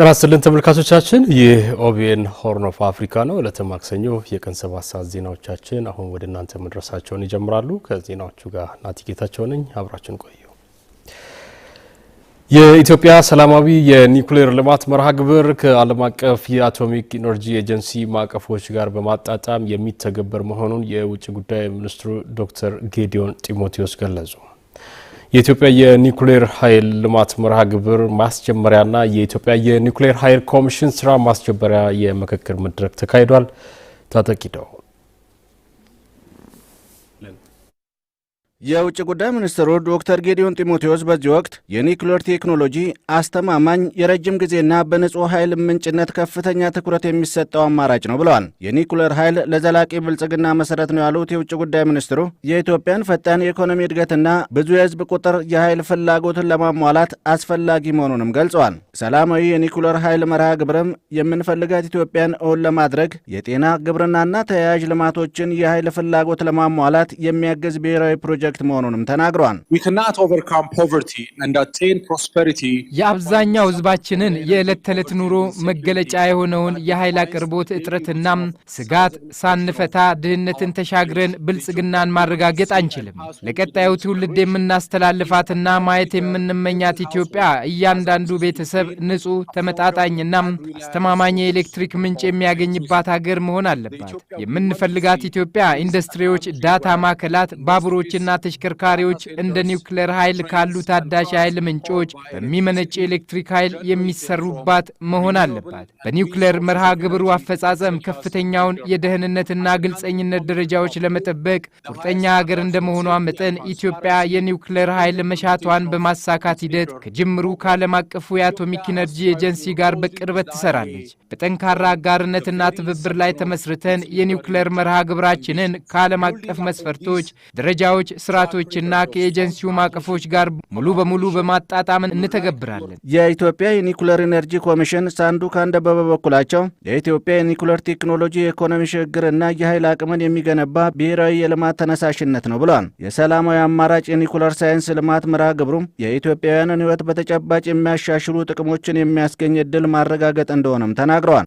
ጤና ይስጥልን ተመልካቾቻችን፣ ይህ ኦቢኤን ሆርን ኦፍ አፍሪካ ነው። ዕለተ ማክሰኞ የቀን ሰባት ሰዓት ዜናዎቻችን አሁን ወደ እናንተ መድረሳቸውን ይጀምራሉ። ከዜናዎቹ ጋር ናቲ ጌታቸው ነኝ። አብራችን ቆዩ። የኢትዮጵያ ሰላማዊ የኒውክሌር ልማት መርሃ ግብር ከዓለም አቀፍ የአቶሚክ ኢነርጂ ኤጀንሲ ማዕቀፎች ጋር በማጣጣም የሚተገበር መሆኑን የውጭ ጉዳይ ሚኒስትሩ ዶክተር ጌዲዮን ጢሞቴዎስ ገለጹ። የኢትዮጵያ የኒውክሌር ኃይል ልማት መርሃ ግብር ማስጀመሪያና የኢትዮጵያ የኒውክሌር ኃይል ኮሚሽን ስራ ማስጀመሪያ የምክክር መድረክ ተካሂዷል። ታጠቂደው የውጭ ጉዳይ ሚኒስትሩ ዶክተር ጌዲዮን ጢሞቴዎስ በዚህ ወቅት የኒውክሌር ቴክኖሎጂ አስተማማኝ የረጅም ጊዜና በንጹህ ኃይል ምንጭነት ከፍተኛ ትኩረት የሚሰጠው አማራጭ ነው ብለዋል። የኒውክሌር ኃይል ለዘላቂ ብልጽግና መሰረት ነው ያሉት የውጭ ጉዳይ ሚኒስትሩ የኢትዮጵያን ፈጣን የኢኮኖሚ እድገትና ብዙ የህዝብ ቁጥር የኃይል ፍላጎትን ለማሟላት አስፈላጊ መሆኑንም ገልጸዋል። ሰላማዊ የኒውክሌር ኃይል መርሃ ግብርም የምንፈልጋት ኢትዮጵያን እውን ለማድረግ የጤና ግብርናና ተያያዥ ልማቶችን የኃይል ፍላጎት ለማሟላት የሚያግዝ ብሔራዊ ፕሮጀክት ፕሮጀክት መሆኑንም ተናግሯል። የአብዛኛው ህዝባችንን የዕለት ተዕለት ኑሮ መገለጫ የሆነውን የኃይል አቅርቦት እጥረትና ስጋት ሳንፈታ ድህነትን ተሻግረን ብልጽግናን ማረጋገጥ አንችልም። ለቀጣዩ ትውልድ የምናስተላልፋትና ማየት የምንመኛት ኢትዮጵያ እያንዳንዱ ቤተሰብ ንጹህ፣ ተመጣጣኝና አስተማማኝ የኤሌክትሪክ ምንጭ የሚያገኝባት ሀገር መሆን አለባት። የምንፈልጋት ኢትዮጵያ ኢንዱስትሪዎች፣ ዳታ ማዕከላት፣ ባቡሮችና ተሽከርካሪዎች እንደ ኒውክሌር ኃይል ካሉ ታዳሽ ኃይል ምንጮች በሚመነጭ ኤሌክትሪክ ኃይል የሚሰሩባት መሆን አለባት። በኒውክሌር መርሃ ግብሩ አፈጻጸም ከፍተኛውን የደህንነትና ግልጸኝነት ደረጃዎች ለመጠበቅ ቁርጠኛ ሀገር እንደመሆኗ መጠን ኢትዮጵያ የኒውክሌር ኃይል መሻቷን በማሳካት ሂደት ከጅምሩ ከዓለም አቀፉ የአቶሚክ ኢነርጂ ኤጀንሲ ጋር በቅርበት ትሰራለች። በጠንካራ አጋርነትና ትብብር ላይ ተመስርተን የኒውክሌር መርሃ ግብራችንን ከዓለም አቀፍ መስፈርቶች፣ ደረጃዎች ስርዓቶችና ከኤጀንሲው ማቀፎች ጋር ሙሉ በሙሉ በማጣጣም እንተገብራለን። የኢትዮጵያ የኒኩለር ኢነርጂ ኮሚሽን ሳንዱ ካንደበ በበኩላቸው ለኢትዮጵያ የኒኩለር ቴክኖሎጂ የኢኮኖሚ ሽግግርና የኃይል አቅምን የሚገነባ ብሔራዊ የልማት ተነሳሽነት ነው ብሏል። የሰላማዊ አማራጭ የኒኩለር ሳይንስ ልማት መርሃ ግብሩም የኢትዮጵያውያንን ህይወት በተጨባጭ የሚያሻሽሉ ጥቅሞችን የሚያስገኝ እድል ማረጋገጥ እንደሆነም ተናግረዋል።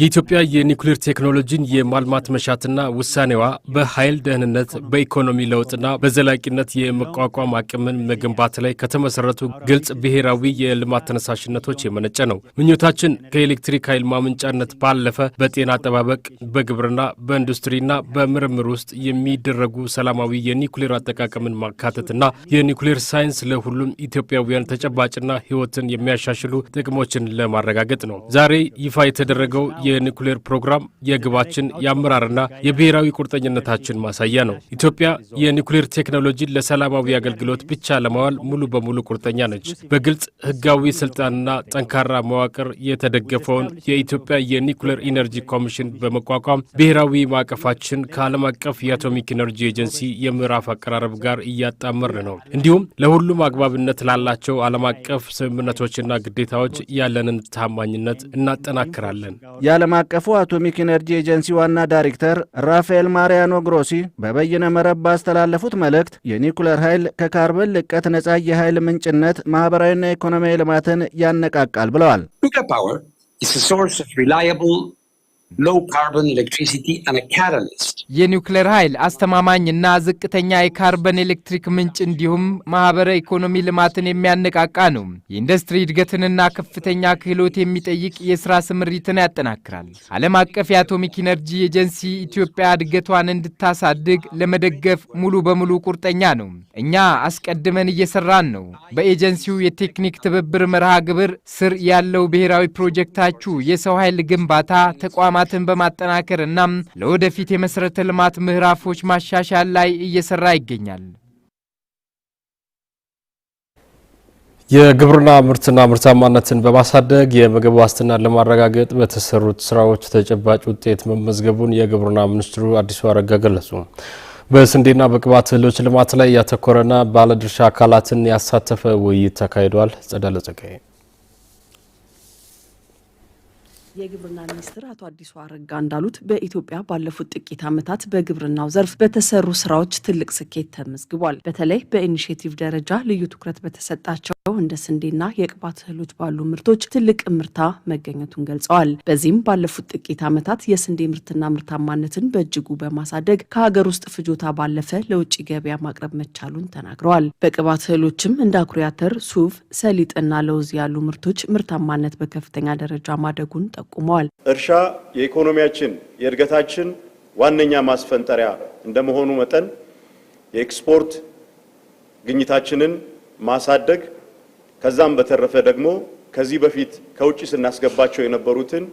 የኢትዮጵያ የኒውክሌር ቴክኖሎጂን የማልማት መሻትና ውሳኔዋ በኃይል ደህንነት፣ በኢኮኖሚ ለውጥና በዘላቂነት የመቋቋም አቅምን መገንባት ላይ ከተመሰረቱ ግልጽ ብሔራዊ የልማት ተነሳሽነቶች የመነጨ ነው። ምኞታችን ከኤሌክትሪክ ኃይል ማመንጫነት ባለፈ በጤና አጠባበቅ፣ በግብርና፣ በኢንዱስትሪና በምርምር ውስጥ የሚደረጉ ሰላማዊ የኒውክሌር አጠቃቀምን ማካተትና የኒውክሌር ሳይንስ ለሁሉም ኢትዮጵያውያን ተጨባጭና ሕይወትን የሚያሻሽሉ ጥቅሞች ግቦችን ለማረጋገጥ ነው። ዛሬ ይፋ የተደረገው የኒኩሌር ፕሮግራም የግባችን የአመራርና የብሔራዊ ቁርጠኝነታችን ማሳያ ነው። ኢትዮጵያ የኒኩሌር ቴክኖሎጂን ለሰላማዊ አገልግሎት ብቻ ለማዋል ሙሉ በሙሉ ቁርጠኛ ነች። በግልጽ ህጋዊ ስልጣንና ጠንካራ መዋቅር የተደገፈውን የኢትዮጵያ የኒኩሌር ኢነርጂ ኮሚሽን በመቋቋም ብሔራዊ ማዕቀፋችን ከዓለም አቀፍ የአቶሚክ ኢነርጂ ኤጀንሲ የምዕራፍ አቀራረብ ጋር እያጣመር ነው። እንዲሁም ለሁሉም አግባብነት ላላቸው ዓለም አቀፍ ስምምነቶችና ግዴታዎች ያለንን ታማኝነት እናጠናክራለን። የዓለም አቀፉ አቶሚክ ኢነርጂ ኤጀንሲ ዋና ዳይሬክተር ራፋኤል ማሪያኖ ግሮሲ በበይነ መረብ ባስተላለፉት መልእክት የኒኩለር ኃይል ከካርበን ልቀት ነጻ የኃይል ምንጭነት ማኅበራዊና ኢኮኖሚያዊ ልማትን ያነቃቃል ብለዋል። የኒውክሌር ኃይል አስተማማኝና ዝቅተኛ የካርበን ኤሌክትሪክ ምንጭ እንዲሁም ማህበረ ኢኮኖሚ ልማትን የሚያነቃቃ ነው። የኢንዱስትሪ እድገትንና ከፍተኛ ክህሎት የሚጠይቅ የስራ ስምሪትን ያጠናክራል። ዓለም አቀፍ የአቶሚክ ኢነርጂ ኤጀንሲ ኢትዮጵያ እድገቷን እንድታሳድግ ለመደገፍ ሙሉ በሙሉ ቁርጠኛ ነው። እኛ አስቀድመን እየሰራን ነው። በኤጀንሲው የቴክኒክ ትብብር መርሃ ግብር ስር ያለው ብሔራዊ ፕሮጀክታችሁ የሰው ኃይል ግንባታ ተቋማ ተቋማትን በማጠናከር እና ለወደፊት የመሠረተ ልማት ምዕራፎች ማሻሻል ላይ እየሰራ ይገኛል። የግብርና ምርትና ምርታማነትን በማሳደግ የምግብ ዋስትናን ለማረጋገጥ በተሰሩት ስራዎች ተጨባጭ ውጤት መመዝገቡን የግብርና ሚኒስትሩ አዲሱ አረጋ ገለጹ። በስንዴና በቅባት እህሎች ልማት ላይ ያተኮረና ባለድርሻ አካላትን ያሳተፈ ውይይት ተካሂዷል። ጸዳለ ጸጋዬ የግብርና ሚኒስትር አቶ አዲሱ አረጋ እንዳሉት በኢትዮጵያ ባለፉት ጥቂት ዓመታት በግብርናው ዘርፍ በተሰሩ ስራዎች ትልቅ ስኬት ተመዝግቧል። በተለይ በኢኒሽቲቭ ደረጃ ልዩ ትኩረት በተሰጣቸው እንደ ስንዴና የቅባት እህሎች ባሉ ምርቶች ትልቅ ምርታ መገኘቱን ገልጸዋል። በዚህም ባለፉት ጥቂት ዓመታት የስንዴ ምርትና ምርታማነትን በእጅጉ በማሳደግ ከሀገር ውስጥ ፍጆታ ባለፈ ለውጭ ገበያ ማቅረብ መቻሉን ተናግረዋል። በቅባት እህሎችም እንደ አኩሪ አተር፣ ሱፍ፣ ሰሊጥና ለውዝ ያሉ ምርቶች ምርታማነት በከፍተኛ ደረጃ ማደጉን ጠቁመዋል። እርሻ የኢኮኖሚያችን የእድገታችን ዋነኛ ማስፈንጠሪያ እንደመሆኑ መጠን የኤክስፖርት ግኝታችንን ማሳደግ ከዛም በተረፈ ደግሞ ከዚህ በፊት ከውጭ ስናስገባቸው የነበሩትን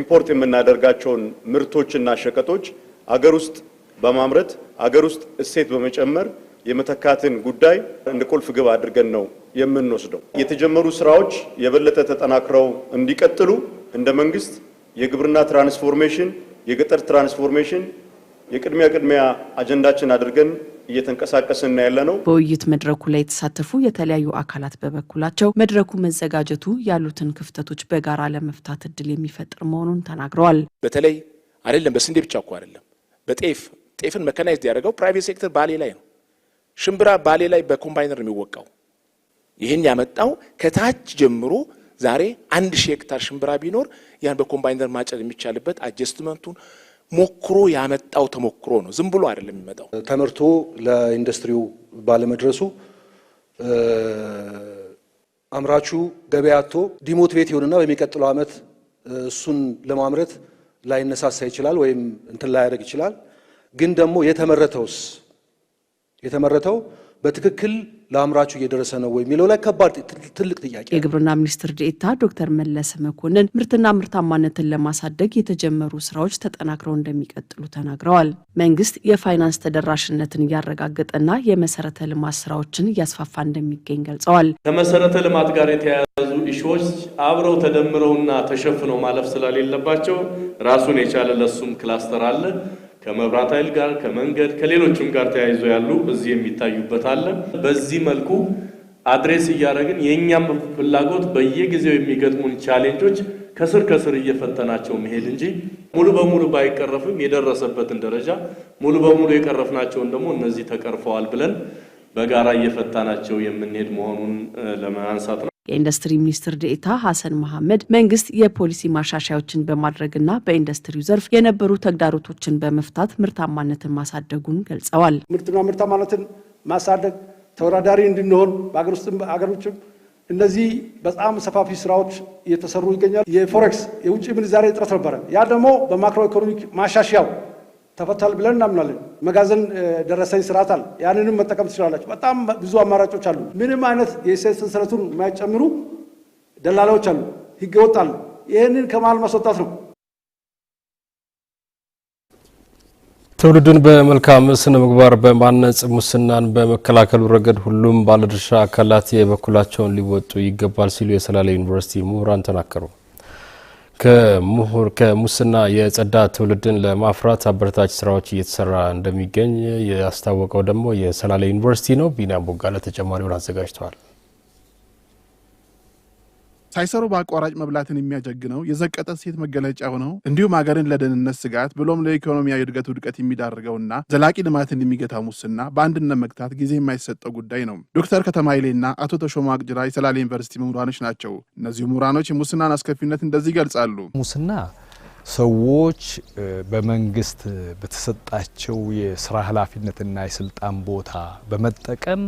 ኢምፖርት የምናደርጋቸውን ምርቶችና ሸቀጦች አገር ውስጥ በማምረት አገር ውስጥ እሴት በመጨመር የመተካትን ጉዳይ እንደ ቁልፍ ግብ አድርገን ነው የምንወስደው። የተጀመሩ ስራዎች የበለጠ ተጠናክረው እንዲቀጥሉ እንደ መንግስት የግብርና ትራንስፎርሜሽን፣ የገጠር ትራንስፎርሜሽን የቅድሚያ ቅድሚያ አጀንዳችን አድርገን እየተንቀሳቀስና ያለ ነው። በውይይት መድረኩ ላይ የተሳተፉ የተለያዩ አካላት በበኩላቸው መድረኩ መዘጋጀቱ ያሉትን ክፍተቶች በጋራ ለመፍታት እድል የሚፈጥር መሆኑን ተናግረዋል። በተለይ አይደለም በስንዴ ብቻ እኮ አይደለም፣ በጤፍ ጤፍን መከናይዝድ ያደረገው ፕራይቬት ሴክተር ባሌ ላይ ነው። ሽምብራ ባሌ ላይ በኮምባይነር የሚወቃው። ይህን ያመጣው ከታች ጀምሮ ዛሬ አንድ ሺህ ሄክታር ሽምብራ ቢኖር ያን በኮምባይነር ማጨድ የሚቻልበት አጀስትመንቱን ሞክሮ ያመጣው ተሞክሮ ነው። ዝም ብሎ አይደለም የሚመጣው። ተመርቶ ለኢንዱስትሪው ባለመድረሱ አምራቹ ገበያ አጥቶ ዲሞት ቤት ይሆንና በሚቀጥለው ዓመት እሱን ለማምረት ላይነሳሳ ይችላል ወይም እንትን ላያደርግ ይችላል። ግን ደግሞ የተመረተውስ የተመረተው በትክክል ለአምራቹ እየደረሰ ነው ወይ የሚለው ላይ ከባድ ትልቅ ጥያቄ። የግብርና ሚኒስትር ዴኤታ ዶክተር መለሰ መኮንን ምርትና ምርታማነትን ለማሳደግ የተጀመሩ ስራዎች ተጠናክረው እንደሚቀጥሉ ተናግረዋል። መንግስት የፋይናንስ ተደራሽነትን እያረጋገጠና የመሰረተ ልማት ስራዎችን እያስፋፋ እንደሚገኝ ገልጸዋል። ከመሰረተ ልማት ጋር የተያያዙ እሾች አብረው ተደምረውና ተሸፍነው ማለፍ ስለሌለባቸው ራሱን የቻለ ለሱም ክላስተር አለ ከመብራት ኃይል ጋር ከመንገድ ከሌሎችም ጋር ተያይዞ ያሉ እዚህ የሚታዩበት አለ። በዚህ መልኩ አድሬስ እያደረግን የእኛም ፍላጎት በየጊዜው የሚገጥሙን ቻሌንጆች ከስር ከስር እየፈተናቸው መሄድ እንጂ ሙሉ በሙሉ ባይቀረፍም የደረሰበትን ደረጃ ሙሉ በሙሉ የቀረፍናቸውን ደግሞ እነዚህ ተቀርፈዋል ብለን በጋራ እየፈታናቸው የምንሄድ መሆኑን ለማንሳት ነው። የኢንዱስትሪ ሚኒስትር ዴኤታ ሀሰን መሐመድ መንግስት የፖሊሲ ማሻሻያዎችን በማድረግና በኢንዱስትሪው ዘርፍ የነበሩ ተግዳሮቶችን በመፍታት ምርታማነትን ማሳደጉን ገልጸዋል። ምርትና ምርታማነትን ማሳደግ ተወዳዳሪ እንድንሆን በአገር ውስጥም በአገር ውጭም እነዚህ በጣም ሰፋፊ ስራዎች እየተሰሩ ይገኛል። የፎሬክስ የውጭ ምንዛሬ እጥረት ነበረ። ያ ደግሞ በማክሮ ኢኮኖሚክ ማሻሻያው ተፈቷል ብለን እናምናለን። መጋዘን ደረሰኝ ስርዓት አለ። ያንንም መጠቀም ትችላላችሁ። በጣም ብዙ አማራጮች አሉ። ምንም አይነት የእሴት ሰንሰለቱን የማይጨምሩ ደላላዎች አሉ፣ ህገወጥ አሉ። ይህንን ከመሃል ማስወጣት ነው። ትውልድን በመልካም ስነ ምግባር በማነጽ ሙስናን በመከላከሉ ረገድ ሁሉም ባለድርሻ አካላት የበኩላቸውን ሊወጡ ይገባል ሲሉ የሰላሌ ዩኒቨርሲቲ ምሁራን ተናገሩ። ከሙስና የጸዳ ትውልድን ለማፍራት አበረታች ስራዎች እየተሰራ እንደሚገኝ ያስታወቀው ደግሞ የሰላሌ ዩኒቨርሲቲ ነው። ቢኒያም ቦጋለ ተጨማሪውን አዘጋጅተዋል። ሳይሰሩ በአቋራጭ መብላትን የሚያጀግነው የዘቀጠ ሴት መገለጫ ነው። እንዲሁም ሀገርን ለደህንነት ስጋት ብሎም ለኢኮኖሚያዊ እድገት ውድቀት የሚዳርገውና ዘላቂ ልማትን የሚገታ ሙስና በአንድነት መግታት ጊዜ የማይሰጠው ጉዳይ ነው። ዶክተር ከተማ አቶ ተሾማ አቅጅራ የሰላሌ ዩኒቨርሲቲ ምሁራኖች ናቸው። እነዚሁ ምሁራኖች የሙስናን አስከፊነት እንደዚህ ይገልጻሉ። ሙስና ሰዎች በመንግስት በተሰጣቸው የስራ ኃላፊነትና የስልጣን ቦታ በመጠቀም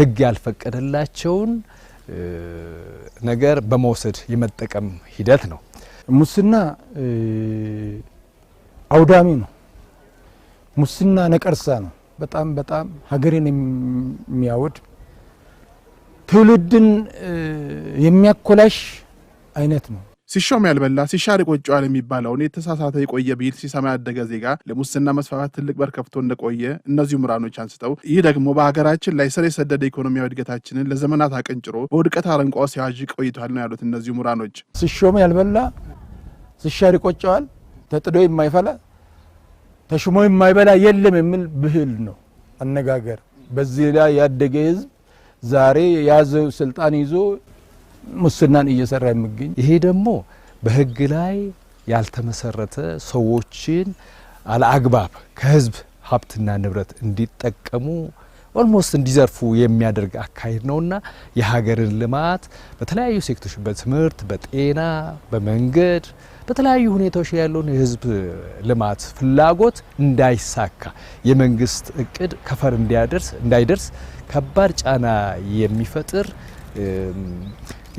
ህግ ያልፈቀደላቸውን ነገር በመውሰድ የመጠቀም ሂደት ነው። ሙስና አውዳሚ ነው። ሙስና ነቀርሳ ነው። በጣም በጣም ሀገርን የሚያወድ ትውልድን የሚያኮላሽ አይነት ነው። ሲሾም ያልበላ ሲሻር ይቆጨዋል የሚባለውን የተሳሳተ የቆየ ብሂል ሲሰማ ያደገ ዜጋ ለሙስና መስፋፋት ትልቅ በር ከፍቶ እንደቆየ እነዚሁ ምሁራኖች አንስተው፣ ይህ ደግሞ በሀገራችን ላይ ስር የሰደደ ኢኮኖሚያዊ እድገታችንን ለዘመናት አቀንጭሮ በውድቀት አረንቋ ሲያዥ ቆይቷል ነው ያሉት እነዚሁ ምሁራኖች። ሲሾም ያልበላ ሲሻር ይቆጨዋል፣ ተጥዶ የማይፈላ ተሽሞ የማይበላ የለም የሚል ብሂል ነው አነጋገር። በዚህ ላይ ያደገ ህዝብ ዛሬ የያዘው ስልጣን ይዞ ሙስናን እየሰራ የሚገኝ ይሄ ደግሞ በህግ ላይ ያልተመሰረተ ሰዎችን አለአግባብ ከህዝብ ሀብትና ንብረት እንዲጠቀሙ ኦልሞስት እንዲዘርፉ የሚያደርግ አካሄድ ነውና የሀገርን ልማት በተለያዩ ሴክቶች በትምህርት፣ በጤና፣ በመንገድ፣ በተለያዩ ሁኔታዎች ያለውን የህዝብ ልማት ፍላጎት እንዳይሳካ የመንግስት እቅድ ከፈር እንዳይደርስ ከባድ ጫና የሚፈጥር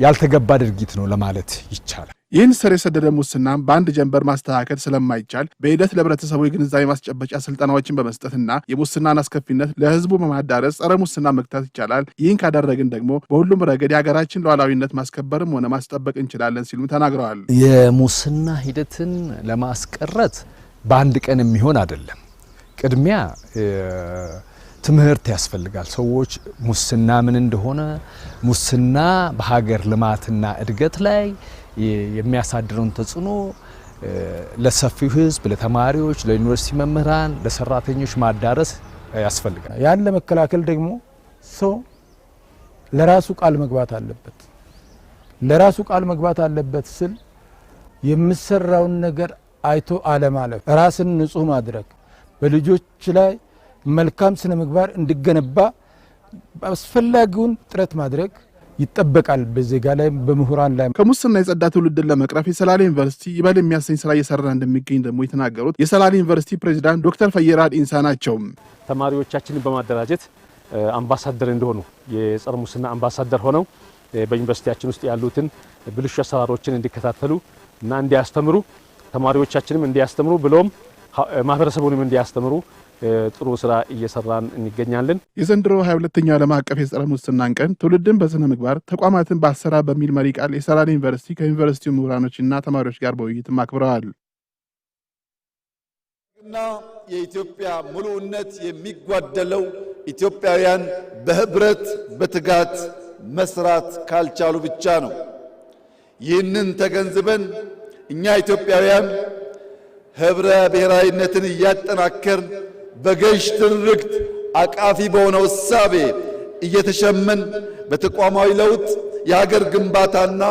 ያልተገባ ድርጊት ነው ለማለት ይቻላል። ይህን ስር የሰደደ ሙስና በአንድ ጀንበር ማስተካከል ስለማይቻል በሂደት ለህብረተሰቡ የግንዛቤ ማስጨበጫ ስልጠናዎችን በመስጠትና የሙስናን አስከፊነት ለህዝቡ በማዳረስ ጸረ ሙስና መግታት ይቻላል። ይህን ካደረግን ደግሞ በሁሉም ረገድ የሀገራችን ሉዓላዊነት ማስከበርም ሆነ ማስጠበቅ እንችላለን ሲሉም ተናግረዋል። የሙስና ሂደትን ለማስቀረት በአንድ ቀን የሚሆን አይደለም። ቅድሚያ ትምህርት ያስፈልጋል። ሰዎች ሙስና ምን እንደሆነ፣ ሙስና በሀገር ልማትና እድገት ላይ የሚያሳድረውን ተጽዕኖ ለሰፊው ሕዝብ፣ ለተማሪዎች፣ ለዩኒቨርሲቲ መምህራን፣ ለሰራተኞች ማዳረስ ያስፈልጋል። ያን ለመከላከል ደግሞ ሰው ለራሱ ቃል መግባት አለበት። ለራሱ ቃል መግባት አለበት ስል የምሰራውን ነገር አይቶ አለማለፍ፣ ራስን ንጹህ ማድረግ በልጆች ላይ መልካም ስነ ምግባር እንዲገነባ አስፈላጊውን ጥረት ማድረግ ይጠበቃል። በዜጋ ላይ በምሁራን ላይ ከሙስና የጸዳ ትውልድን ለመቅረፍ የሰላሌ ዩኒቨርሲቲ ይበል የሚያሰኝ ስራ እየሰራ እንደሚገኝ ደግሞ የተናገሩት የሰላሌ ዩኒቨርሲቲ ፕሬዚዳንት ዶክተር ፈየራድ ኢንሳ ናቸው። ተማሪዎቻችንን በማደራጀት አምባሳደር እንደሆኑ የጸረ ሙስና አምባሳደር ሆነው በዩኒቨርሲቲያችን ውስጥ ያሉትን ብልሹ አሰራሮችን እንዲከታተሉ እና እንዲያስተምሩ ተማሪዎቻችንም እንዲያስተምሩ ብሎም ማህበረሰቡንም እንዲያስተምሩ ጥሩ ስራ እየሰራን እንገኛለን። የዘንድሮ 22ኛው ዓለም አቀፍ የጸረ ሙስናን ቀን ትውልድን በስነ ምግባር ተቋማትን በአሰራር በሚል መሪ ቃል የሰራን ዩኒቨርሲቲ ከዩኒቨርሲቲው ምሁራኖችና ተማሪዎች ጋር በውይይትም አክብረዋል። እና የኢትዮጵያ ሙሉነት የሚጓደለው ኢትዮጵያውያን በህብረት በትጋት መስራት ካልቻሉ ብቻ ነው። ይህንን ተገንዝበን እኛ ኢትዮጵያውያን ህብረ ብሔራዊነትን እያጠናከርን በገዥ ትርክት አቃፊ በሆነው እሳቤ እየተሸመን በተቋማዊ ለውጥ የሀገር ግንባታና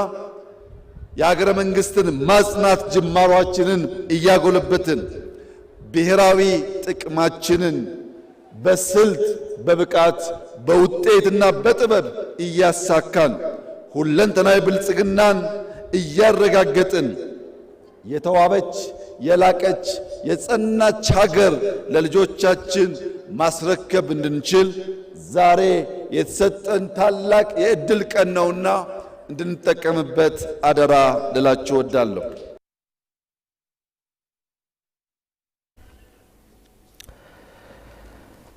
የሀገረ መንግስትን ማጽናት ጅማሯችንን እያጎለበትን ብሔራዊ ጥቅማችንን በስልት በብቃት በውጤትና በጥበብ እያሳካን ሁለንተናዊ ብልጽግናን እያረጋገጥን የተዋበች የላቀች የጸናች ሀገር ለልጆቻችን ማስረከብ እንድንችል ዛሬ የተሰጠን ታላቅ የእድል ቀን ነውና እንድንጠቀምበት አደራ ልላችሁ እወዳለሁ።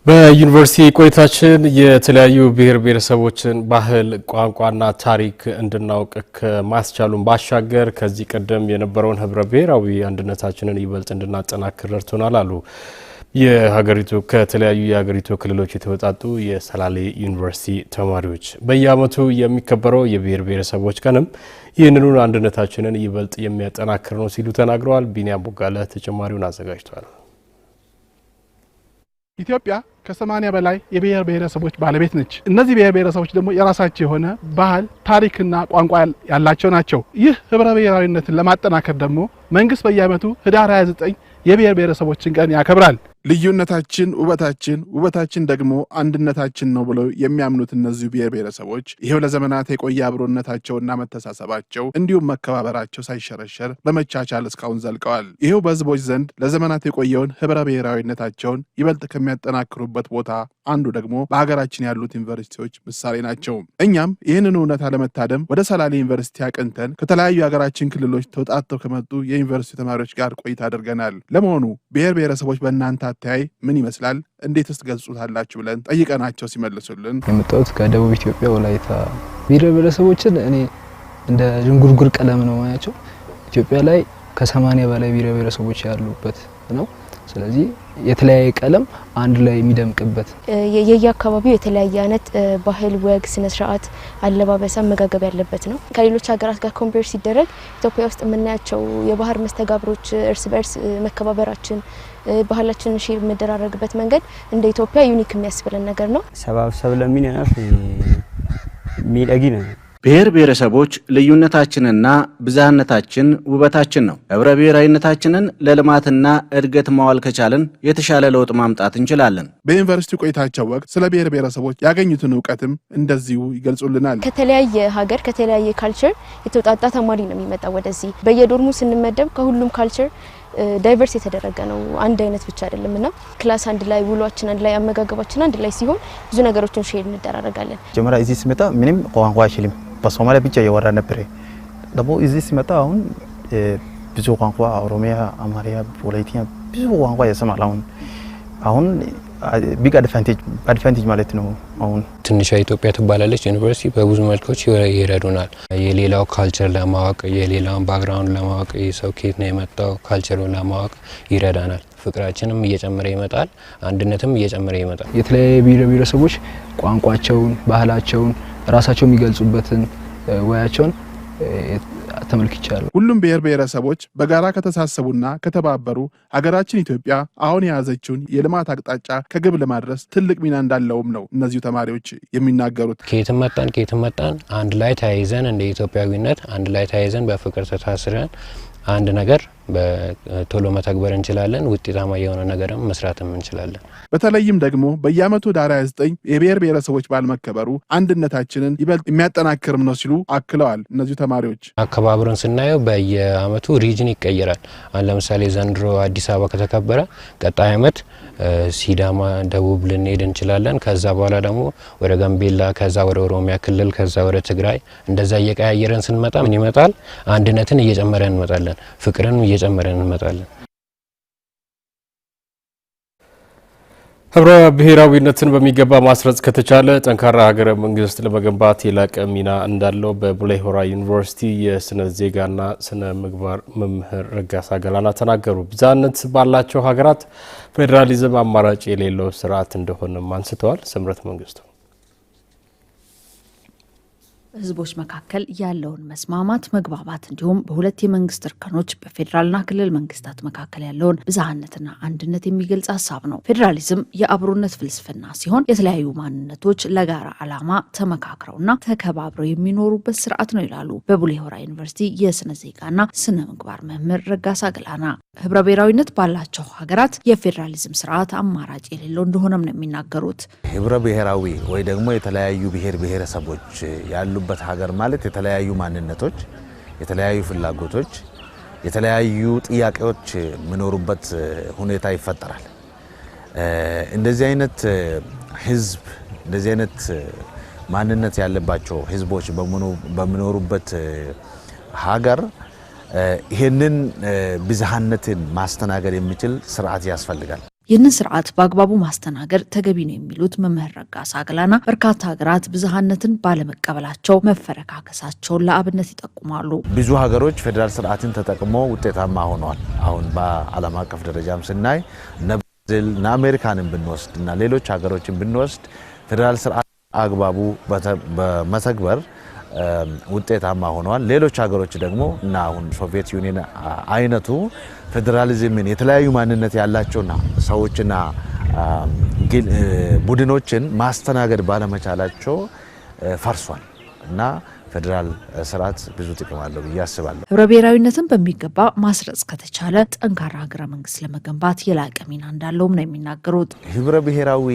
በዩኒቨርሲቲ ቆይታችን የተለያዩ ብሔር ብሔረሰቦችን ባህል፣ ቋንቋና ታሪክ እንድናውቅ ከማስቻሉን ባሻገር ከዚህ ቀደም የነበረውን ህብረ ብሔራዊ አንድነታችንን ይበልጥ እንድናጠናክር ረድቶናል አሉ የሀገሪቱ ከተለያዩ የሀገሪቱ ክልሎች የተወጣጡ የሰላሌ ዩኒቨርሲቲ ተማሪዎች። በየአመቱ የሚከበረው የብሔር ብሔረሰቦች ቀንም ይህንኑን አንድነታችንን ይበልጥ የሚያጠናክር ነው ሲሉ ተናግረዋል። ቢኒያም ቦጋለ ተጨማሪውን አዘጋጅቷል። ኢትዮጵያ ከሰማኒያ በላይ የብሔር ብሔረሰቦች ባለቤት ነች። እነዚህ ብሔር ብሔረሰቦች ደግሞ የራሳቸው የሆነ ባህል፣ ታሪክና ቋንቋ ያላቸው ናቸው። ይህ ህብረ ብሔራዊነትን ለማጠናከር ደግሞ መንግስት በየዓመቱ ህዳር 29 የብሔር ብሔረሰቦችን ቀን ያከብራል። ልዩነታችን ውበታችን፣ ውበታችን ደግሞ አንድነታችን ነው ብለው የሚያምኑት እነዚሁ ብሔር ብሔረሰቦች ይሄው ለዘመናት የቆየ አብሮነታቸውና መተሳሰባቸው እንዲሁም መከባበራቸው ሳይሸረሸር በመቻቻል እስካሁን ዘልቀዋል። ይሄው በህዝቦች ዘንድ ለዘመናት የቆየውን ህብረ ብሔራዊነታቸውን ይበልጥ ከሚያጠናክሩበት ቦታ አንዱ ደግሞ በሀገራችን ያሉት ዩኒቨርሲቲዎች ምሳሌ ናቸው። እኛም ይህንን እውነታ ለመታደም ወደ ሰላሌ ዩኒቨርሲቲ አቅንተን ከተለያዩ የሀገራችን ክልሎች ተውጣተው ከመጡ የዩኒቨርሲቲ ተማሪዎች ጋር ቆይታ አድርገናል። ለመሆኑ ብሔር ብሔረሰቦች በእናንተ አተያይ ምን ይመስላል፣ እንዴትስ ትገልጹታላችሁ ብለን ጠይቀናቸው ሲመልሱልን የመጣሁት ከደቡብ ኢትዮጵያ ወላይታ ብሔር ብሔረሰቦችን እኔ እንደ ዥንጉርጉር ቀለም ነው ማያቸው። ኢትዮጵያ ላይ ከሰማንያ በላይ ብሔር ብሔረሰቦች ያሉበት ነው። ስለዚህ የተለያየ ቀለም አንድ ላይ የሚደምቅበት የየአካባቢው የተለያየ አይነት ባህል፣ ወግ፣ ስነ ስርዓት፣ አለባበስ፣ አመጋገብ ያለበት ነው። ከሌሎች ሀገራት ጋር ኮምፔር ሲደረግ ኢትዮጵያ ውስጥ የምናያቸው የባህር መስተጋብሮች፣ እርስ በርስ መከባበራችን፣ ባህላችንን ሼር የምደራረግበት መንገድ እንደ ኢትዮጵያ ዩኒክ የሚያስብለን ነገር ነው። ሰባብ ሰብ ለሚን ሚለጊ ነው ብሔር ብሔረሰቦች ልዩነታችንና ብዝሃነታችን ውበታችን ነው። ህብረ ብሔራዊነታችንን ለልማትና እድገት ማዋል ከቻልን የተሻለ ለውጥ ማምጣት እንችላለን። በዩኒቨርሲቲ ቆይታቸው ወቅት ስለ ብሔር ብሔረሰቦች ያገኙትን እውቀትም እንደዚሁ ይገልጹልናል። ከተለያየ ሀገር ከተለያየ ካልቸር የተውጣጣ ተማሪ ነው የሚመጣ ወደዚህ። በየዶርሙ ስንመደብ ከሁሉም ካልቸር ዳይቨርስ የተደረገ ነው። አንድ አይነት ብቻ አይደለም እና ክላስ አንድ ላይ ውሏችን አንድ ላይ አመጋገባችን አንድ ላይ ሲሆን ብዙ ነገሮችን ሼር እንደራረጋለን። ጀመራ እዚህ ስመጣ ምንም ቋንቋ አይችልም በሶማሊያ ብቻ እያወራ ነበረ። ደግሞ እዚህ ሲመጣ አሁን ብዙ ቋንቋ ኦሮሚያ፣ አማርያ፣ ወላይትኛ ብዙ ቋንቋ ይሰማል። አሁን አሁን ቢግ አድቫንቴጅ ማለት ነው። አሁን ትንሿ ኢትዮጵያ ትባላለች። ዩኒቨርሲቲ በብዙ መልኮች ይረዱናል። የሌላው ካልቸር ለማወቅ፣ የሌላውን ባክግራውንድ ለማወቅ፣ ሰው ከየት ነው የመጣው ካልቸሩን ለማወቅ ይረዳናል። ፍቅራችንም እየጨመረ ይመጣል። አንድነትም እየጨመረ ይመጣል። የተለያዩ ብሄረ ብሄረሰቦች ቋንቋቸውን፣ ባህላቸውን ራሳቸው የሚገልጹበትን ወያቸውን ተመልክቻለሁ። ሁሉም ብሔር ብሔረሰቦች በጋራ ከተሳሰቡና ከተባበሩ ሀገራችን ኢትዮጵያ አሁን የያዘችውን የልማት አቅጣጫ ከግብ ለማድረስ ትልቅ ሚና እንዳለውም ነው እነዚሁ ተማሪዎች የሚናገሩት። ከየትም መጣን ከየትም መጣን አንድ ላይ ተያይዘን እንደ ኢትዮጵያዊነት አንድ ላይ ተያይዘን በፍቅር ተሳስረን አንድ ነገር በቶሎ መተግበር እንችላለን። ውጤታማ የሆነ ነገርም መስራትም እንችላለን። በተለይም ደግሞ በየዓመቱ ዳራ 29 የብሔር ብሔረሰቦች በዓል መከበሩ አንድነታችንን ይበልጥ የሚያጠናክርም ነው ሲሉ አክለዋል። እነዚሁ ተማሪዎች አከባበሩን ስናየው በየዓመቱ ሪጅን ይቀየራል። አሁን ለምሳሌ ዘንድሮ አዲስ አበባ ከተከበረ ቀጣይ ዓመት ሲዳማ፣ ደቡብ ልንሄድ እንችላለን። ከዛ በኋላ ደግሞ ወደ ጋምቤላ፣ ከዛ ወደ ኦሮሚያ ክልል፣ ከዛ ወደ ትግራይ እንደዛ እየቀያየረን ስንመጣ ምን ይመጣል? አንድነትን እየጨመረ እንመጣለን። ይመጣል፣ ፍቅርን እየጨመረን እንመጣለን። ህብረ ብሔራዊነትን በሚገባ ማስረጽ ከተቻለ ጠንካራ ሀገረ መንግስት ለመገንባት የላቀ ሚና እንዳለው በቡሌ ዩኒቨርሲቲ የስነ ዜጋና ስነ ምግባር መምህር ረጋሳ ገላና ተናገሩ። ብዛነት ባላቸው ሀገራት ፌዴራሊዝም አማራጭ የሌለው ስርዓት እንደሆነም አንስተዋል። ስምረት መንግስቱ ህዝቦች መካከል ያለውን መስማማት፣ መግባባት እንዲሁም በሁለት የመንግስት እርከኖች በፌዴራልና ክልል መንግስታት መካከል ያለውን ብዝሃነትና አንድነት የሚገልጽ ሀሳብ ነው። ፌዴራሊዝም የአብሮነት ፍልስፍና ሲሆን የተለያዩ ማንነቶች ለጋራ ዓላማ ተመካክረውና ተከባብረው የሚኖሩበት ስርዓት ነው ይላሉ በቡሌ ሆራ ዩኒቨርሲቲ የስነ ዜጋና ስነ ምግባር መምህር ረጋሳ ገላና። ህብረ ብሔራዊነት ባላቸው ሀገራት የፌዴራሊዝም ስርዓት አማራጭ የሌለው እንደሆነም ነው የሚናገሩት። ህብረ ብሔራዊ ወይ ደግሞ የተለያዩ ብሔር ብሔረሰቦች ያሉ ያሉበት ሀገር ማለት የተለያዩ ማንነቶች፣ የተለያዩ ፍላጎቶች፣ የተለያዩ ጥያቄዎች የሚኖሩበት ሁኔታ ይፈጠራል። እንደዚህ አይነት ህዝብ እንደዚህ አይነት ማንነት ያለባቸው ህዝቦች በሚኖሩበት ሀገር ይህንን ብዝሃነትን ማስተናገድ የሚችል ስርዓት ያስፈልጋል። ይህንን ስርዓት በአግባቡ ማስተናገድ ተገቢ ነው የሚሉት መምህር ረጋሳ አግላና በርካታ ሀገራት ብዝሃነትን ባለመቀበላቸው መፈረካከሳቸውን ለአብነት ይጠቁማሉ። ብዙ ሀገሮች ፌዴራል ስርዓትን ተጠቅሞ ውጤታማ ሆኗል። አሁን በዓለም አቀፍ ደረጃም ስናይ እነ ብራዚል እና አሜሪካንን ብንወስድ እና ሌሎች ሀገሮችን ብንወስድ ፌዴራል ስርዓት አግባቡ በመተግበር ውጤታማ ሆነዋል። ሌሎች ሀገሮች ደግሞ እና አሁን ሶቪየት ዩኒየን አይነቱ ፌዴራሊዝምን የተለያዩ ማንነት ያላቸውና ሰዎችና ቡድኖችን ማስተናገድ ባለመቻላቸው ፈርሷል እና ፌዴራል ስርዓት ብዙ ጥቅም አለው ብዬ አስባለሁ። ህብረ ብሔራዊነትን በሚገባ ማስረጽ ከተቻለ ጠንካራ ሀገረ መንግስት ለመገንባት የላቀ ሚና እንዳለውም ነው የሚናገሩት። ህብረ ብሔራዊ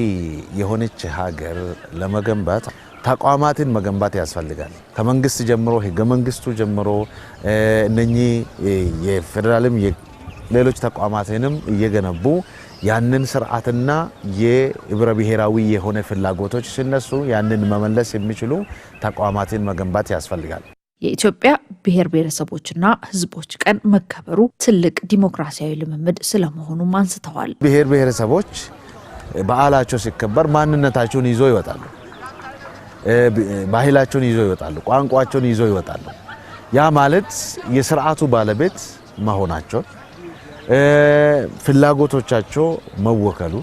የሆነች ሀገር ለመገንባት ተቋማትን መገንባት ያስፈልጋል። ከመንግስት ጀምሮ ህገ መንግስቱ ጀምሮ እነኚህ የፌዴራልም ሌሎች ተቋማትንም እየገነቡ ያንን ስርዓትና የህብረ ብሔራዊ የሆነ ፍላጎቶች ሲነሱ ያንን መመለስ የሚችሉ ተቋማትን መገንባት ያስፈልጋል። የኢትዮጵያ ብሔር ብሔረሰቦችና ህዝቦች ቀን መከበሩ ትልቅ ዲሞክራሲያዊ ልምምድ ስለመሆኑም አንስተዋል። ብሔር ብሔረሰቦች በዓላቸው ሲከበር ማንነታቸውን ይዞ ይወጣሉ። ባህላቸውን ይዞ ይወጣሉ፣ ቋንቋቸውን ይዞ ይወጣሉ። ያ ማለት የስርዓቱ ባለቤት መሆናቸውን ፍላጎቶቻቸው መወከሉ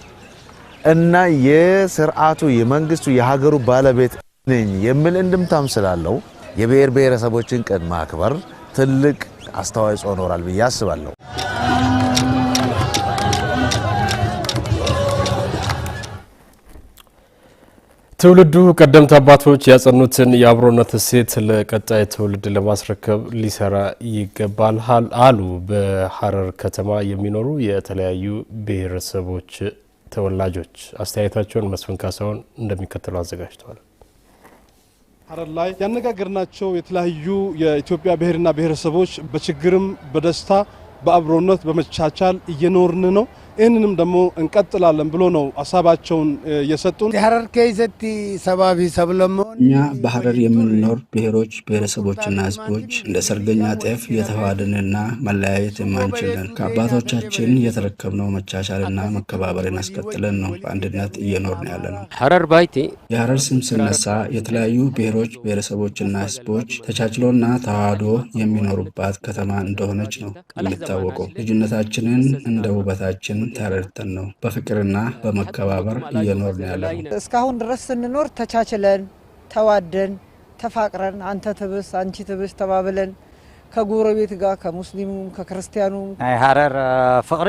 እና የስርዓቱ የመንግስቱ የሀገሩ ባለቤት ነኝ የሚል እንድምታም ስላለው የብሔር ብሔረሰቦችን ቀን ማክበር ትልቅ አስተዋጽኦ ይኖራል ብዬ አስባለሁ። ትውልዱ ቀደምት አባቶች ያጸኑትን የአብሮነት እሴት ለቀጣይ ትውልድ ለማስረከብ ሊሰራ ይገባል አሉ በሀረር ከተማ የሚኖሩ የተለያዩ ብሔረሰቦች ተወላጆች። አስተያየታቸውን መስፍን ካሳሁን እንደሚከተለው አዘጋጅተዋል። ሀረር ላይ ያነጋገርናቸው የተለያዩ የኢትዮጵያ ብሔርና ብሔረሰቦች በችግርም በደስታ በአብሮነት በመቻቻል እየኖርን ነው። ይህንንም ደግሞ እንቀጥላለን ብሎ ነው ሀሳባቸውን የሰጡን። ሀረር ከይዘቲ ሰባቢ ሰብለመሆን እኛ በሀረር የምንኖር ብሔሮች ብሔረሰቦችና ህዝቦች እንደ ሰርገኛ ጤፍ የተዋድንና መለያየት የማንችልን ከአባቶቻችን የተረከብነው መቻቻልና መከባበርን አስቀጥለን ነው በአንድነት እየኖርን ያለ ነው። ሀረር ባይቲ የሀረር ስም ስነሳ የተለያዩ ብሔሮች ብሔረሰቦችና ህዝቦች ተቻችሎና ተዋህዶ የሚኖሩባት ከተማ እንደሆነች ነው የሚታወቀው። ልጅነታችንን እንደ ውበታችን ተረድተን ነው በፍቅርና በመከባበር እየኖርን ያለ እስካሁን ድረስ ስንኖር ተቻችለን፣ ተዋደን፣ ተፋቅረን አንተ ትብስ አንቺ ትብስ ተባብለን ከጎረቤት ጋር ከሙስሊሙም ከክርስቲያኑም ሀረር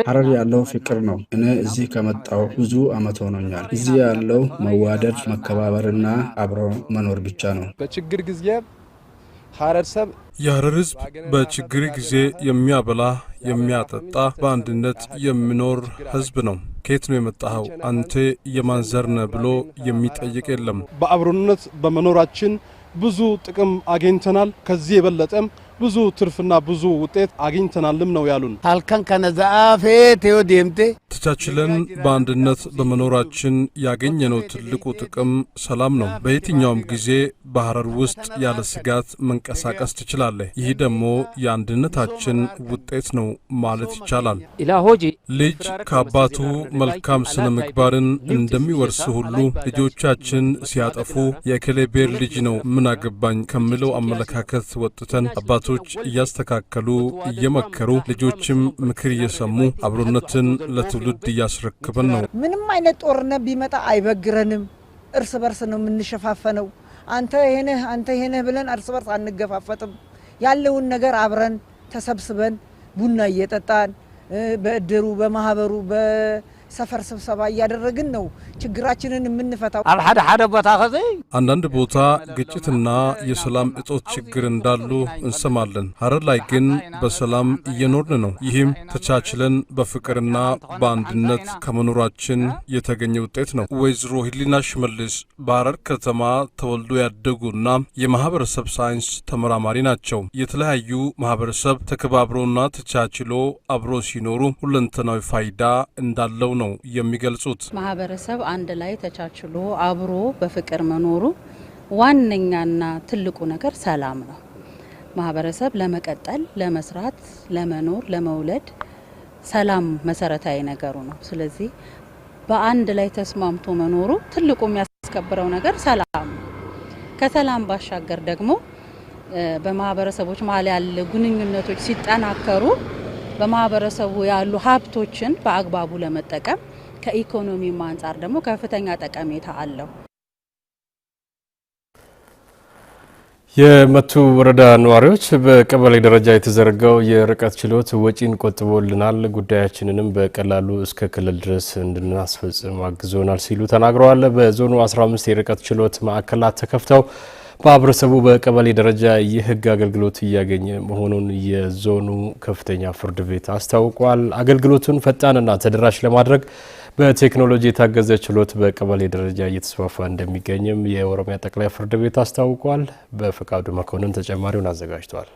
ሀረር ያለው ፍቅር ነው። እኔ እዚህ ከመጣው ብዙ አመት ሆኖኛል። እዚህ ያለው መዋደድ መከባበርና አብሮ መኖር ብቻ ነው። በችግር ጊዜ የሀረር ህዝብ በችግር ጊዜ የሚያበላ የሚያጠጣ፣ በአንድነት የሚኖር ህዝብ ነው። ከየት ነው የመጣኸው? አንተ የማንዘርነ ብሎ የሚጠይቅ የለም። በአብሮነት በመኖራችን ብዙ ጥቅም አግኝተናል። ከዚህ የበለጠም ብዙ ትርፍና ብዙ ውጤት አግኝተናልም ነው ያሉን። ታልከን ከነዛፌ ቴዮ ዴምቴ ተቻችለን በአንድነት በመኖራችን ያገኘነው ትልቁ ጥቅም ሰላም ነው። በየትኛውም ጊዜ በሐረር ውስጥ ያለ ስጋት መንቀሳቀስ ትችላለህ። ይህ ደግሞ የአንድነታችን ውጤት ነው ማለት ይቻላል። ልጅ ከአባቱ መልካም ስነ ምግባርን እንደሚወርስ ሁሉ ልጆቻችን ሲያጠፉ የክሌቤር ልጅ ነው ምን አገባኝ ከሚለው አመለካከት ወጥተን አባቱ ወጣቶች እያስተካከሉ እየመከሩ ልጆችም ምክር እየሰሙ አብሮነትን ለትውልድ እያስረክበን ነው። ምንም አይነት ጦርነት ቢመጣ አይበግረንም። እርስ በርስ ነው የምንሸፋፈነው። አንተ ይሄንህ አንተ ይሄንህ ብለን እርስ በርስ አንገፋፈጥም። ያለውን ነገር አብረን ተሰብስበን ቡና እየጠጣን በእድሩ በማህበሩ ሰፈር ስብሰባ እያደረግን ነው ችግራችንን የምንፈታው። ኣብ ሓደ ሓደ ቦታ ኸዚ አንዳንድ ቦታ ግጭትና የሰላም እጦት ችግር እንዳሉ እንሰማለን። ሀረር ላይ ግን በሰላም እየኖርን ነው። ይህም ተቻችለን በፍቅርና በአንድነት ከመኖራችን የተገኘ ውጤት ነው። ወይዘሮ ህሊና ሽመልስ በሀረር ከተማ ተወልዶ ያደጉና የማህበረሰብ ሳይንስ ተመራማሪ ናቸው። የተለያዩ ማህበረሰብ ተከባብሮና ተቻችሎ አብሮ ሲኖሩ ሁለንተናዊ ፋይዳ እንዳለው ነው የሚገልጹት። ማህበረሰብ አንድ ላይ ተቻችሎ አብሮ በፍቅር መኖሩ ዋነኛና ትልቁ ነገር ሰላም ነው። ማህበረሰብ ለመቀጠል፣ ለመስራት፣ ለመኖር፣ ለመውለድ ሰላም መሰረታዊ ነገሩ ነው። ስለዚህ በአንድ ላይ ተስማምቶ መኖሩ ትልቁ የሚያስከብረው ነገር ሰላም ነው። ከሰላም ባሻገር ደግሞ በማህበረሰቦች መሀል ያለ ግንኙነቶች ሲጠናከሩ በማህበረሰቡ ያሉ ሀብቶችን በአግባቡ ለመጠቀም ከኢኮኖሚም አንጻር ደግሞ ከፍተኛ ጠቀሜታ አለው። የመቱ ወረዳ ነዋሪዎች በቀበሌ ደረጃ የተዘረጋው የርቀት ችሎት ወጪን ቆጥቦልናል፣ ጉዳያችንንም በቀላሉ እስከ ክልል ድረስ እንድናስፈጽም አግዞናል ሲሉ ተናግረዋል። በዞኑ 15 የርቀት ችሎት ማዕከላት ተከፍተው ማህበረሰቡ በቀበሌ ደረጃ የህግ አገልግሎት እያገኘ መሆኑን የዞኑ ከፍተኛ ፍርድ ቤት አስታውቋል። አገልግሎቱን ፈጣንና ተደራሽ ለማድረግ በቴክኖሎጂ የታገዘ ችሎት በቀበሌ ደረጃ እየተስፋፋ እንደሚገኝም የኦሮሚያ ጠቅላይ ፍርድ ቤት አስታውቋል። በፈቃዱ መኮንን ተጨማሪውን አዘጋጅቷል።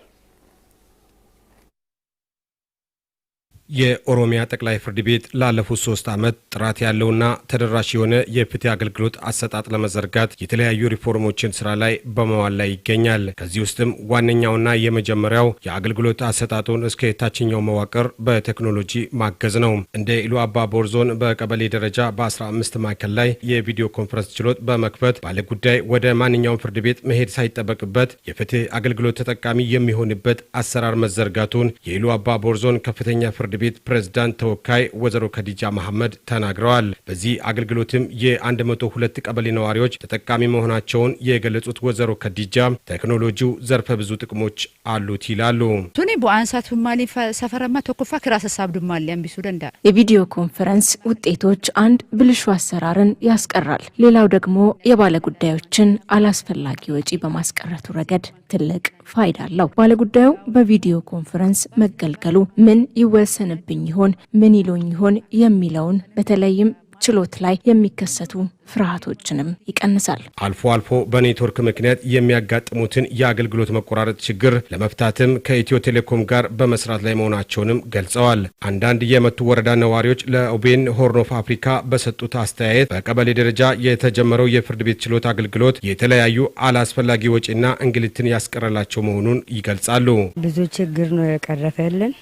የኦሮሚያ ጠቅላይ ፍርድ ቤት ላለፉት ሶስት ዓመት ጥራት ያለውና ተደራሽ የሆነ የፍትህ አገልግሎት አሰጣጥ ለመዘርጋት የተለያዩ ሪፎርሞችን ስራ ላይ በመዋል ላይ ይገኛል። ከዚህ ውስጥም ዋነኛውና የመጀመሪያው የአገልግሎት አሰጣጡን እስከ የታችኛው መዋቅር በቴክኖሎጂ ማገዝ ነው። እንደ ኢሉ ቦር ዞን በቀበሌ ደረጃ በ15 ማዕከል ላይ የቪዲዮ ኮንፈረንስ ችሎት በመክፈት ባለ ጉዳይ ወደ ማንኛውም ፍርድ ቤት መሄድ ሳይጠበቅበት የፍትህ አገልግሎት ተጠቃሚ የሚሆንበት አሰራር መዘርጋቱን የኢሉ አባቦር ዞን ከፍተኛ ፍርድ ቤት ፕሬዝዳንት ተወካይ ወይዘሮ ከዲጃ መሐመድ ተናግረዋል። በዚህ አገልግሎትም የ102 ቀበሌ ነዋሪዎች ተጠቃሚ መሆናቸውን የገለጹት ወይዘሮ ከዲጃ ቴክኖሎጂው ዘርፈ ብዙ ጥቅሞች አሉት ይላሉ። ቱኒ በአንሳት ማሊ ሰፈረማ ተኩፋ ክራስ ሀሳብ ድማል ያንቢሱ ደንዳ የቪዲዮ ኮንፈረንስ ውጤቶች አንድ ብልሹ አሰራርን ያስቀራል፣ ሌላው ደግሞ የባለ ጉዳዮችን አላስፈላጊ ወጪ በማስቀረቱ ረገድ ትልቅ ፋይዳ አለው። ባለጉዳዩ በቪዲዮ ኮንፈረንስ መገልገሉ ምን ይወሰን ይሆንብኝ ይሆን ምን ይሉኝ ይሆን የሚለውን በተለይም ችሎት ላይ የሚከሰቱ ፍርሃቶችንም ይቀንሳል። አልፎ አልፎ በኔትወርክ ምክንያት የሚያጋጥሙትን የአገልግሎት መቆራረጥ ችግር ለመፍታትም ከኢትዮ ቴሌኮም ጋር በመስራት ላይ መሆናቸውንም ገልጸዋል። አንዳንድ የመቱ ወረዳ ነዋሪዎች ለኦቤን ሆርን ኦፍ አፍሪካ በሰጡት አስተያየት በቀበሌ ደረጃ የተጀመረው የፍርድ ቤት ችሎት አገልግሎት የተለያዩ አላስፈላጊ ወጪና እንግልትን ያስቀረላቸው መሆኑን ይገልጻሉ። ብዙ ችግር ነው የቀረፈልን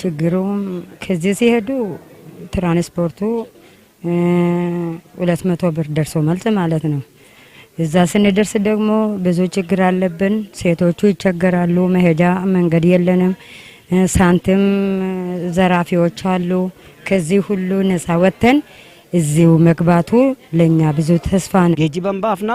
ችግሩም ከዚህ ሲሄዱ ትራንስፖርቱ ሁለት መቶ ብር ደርሶ መልስ ማለት ነው። እዛ ስንደርስ ደግሞ ብዙ ችግር አለብን። ሴቶቹ ይቸገራሉ። መሄጃ መንገድ የለንም። ሳንቲም ዘራፊዎች አሉ። ከዚህ ሁሉ ነፃ ወጥተን እዚሁ መግባቱ ለእኛ ብዙ ተስፋ ነው። ጌጂ በንባፍና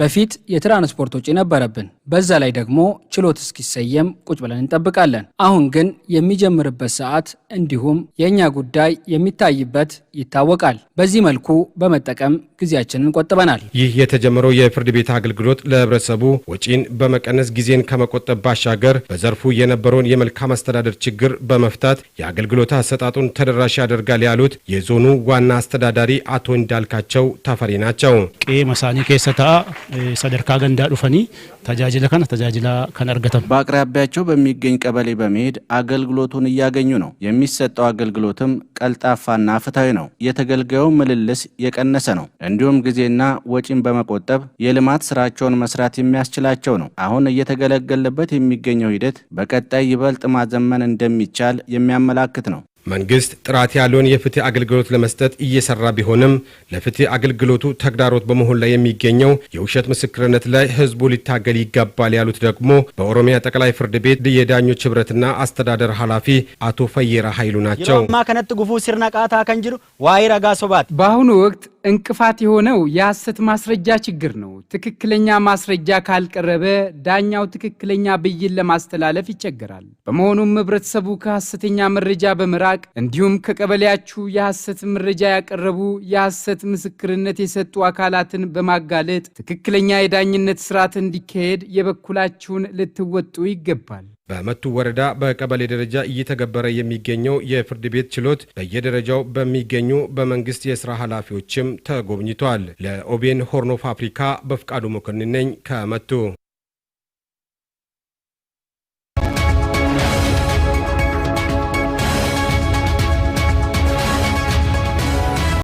በፊት የትራንስፖርት ወጪ ነበረብን። በዛ ላይ ደግሞ ችሎት እስኪሰየም ቁጭ ብለን እንጠብቃለን። አሁን ግን የሚጀምርበት ሰዓት እንዲሁም የእኛ ጉዳይ የሚታይበት ይታወቃል። በዚህ መልኩ በመጠቀም ጊዜያችንን ቆጥበናል። ይህ የተጀመረው የፍርድ ቤት አገልግሎት ለህብረተሰቡ ወጪን በመቀነስ ጊዜን ከመቆጠብ ባሻገር በዘርፉ የነበረውን የመልካም አስተዳደር ችግር በመፍታት የአገልግሎት አሰጣጡን ተደራሽ ያደርጋል ያሉት የዞኑ ዋና አስተዳዳሪ አቶ እንዳልካቸው ተፈሪ ናቸው። qe'ee isaanii ከሰታ ሰደርካ ገንዳ ዱፈኒ ተጃጅለ ከነ ተጃጅላ ከን አርገተም በአቅራቢያቸው በሚገኝ ቀበሌ በመሄድ አገልግሎቱን እያገኙ ነው። የሚሰጠው አገልግሎትም ቀልጣፋና ፍትሐዊ ነው። የተገልጋዩ ምልልስ የቀነሰ ነው። እንዲሁም ጊዜና ወጪን በመቆጠብ የልማት ስራቸውን መስራት የሚያስችላቸው ነው። አሁን እየተገለገልበት የሚገኘው ሂደት በቀጣይ ይበልጥ ማዘመን እንደሚቻል የሚያመላክት ነው። መንግስት ጥራት ያለውን የፍትህ አገልግሎት ለመስጠት እየሰራ ቢሆንም ለፍትህ አገልግሎቱ ተግዳሮት በመሆን ላይ የሚገኘው የውሸት ምስክርነት ላይ ህዝቡ ሊታገል ይገባል ያሉት ደግሞ በኦሮሚያ ጠቅላይ ፍርድ ቤት የዳኞች ህብረትና አስተዳደር ኃላፊ አቶ ፈየራ ኃይሉ ናቸው። ከነት ጉፉ ሲርና ቃታ ከንጅሩ ዋይ ረጋ ሶባት በአሁኑ ወቅት እንቅፋት የሆነው የሐሰት ማስረጃ ችግር ነው። ትክክለኛ ማስረጃ ካልቀረበ ዳኛው ትክክለኛ ብይን ለማስተላለፍ ይቸገራል። በመሆኑም ህብረተሰቡ ከሐሰተኛ መረጃ በመራ በመራቅ እንዲሁም ከቀበሌያችሁ የሐሰት መረጃ ያቀረቡ የሐሰት ምስክርነት የሰጡ አካላትን በማጋለጥ ትክክለኛ የዳኝነት ስርዓት እንዲካሄድ የበኩላችሁን ልትወጡ ይገባል። በመቱ ወረዳ በቀበሌ ደረጃ እየተገበረ የሚገኘው የፍርድ ቤት ችሎት በየደረጃው በሚገኙ በመንግስት የስራ ኃላፊዎችም ተጎብኝቷል። ለኦቤን ሆርኖፍ አፍሪካ በፍቃዱ መኮንን ነኝ ከመቱ።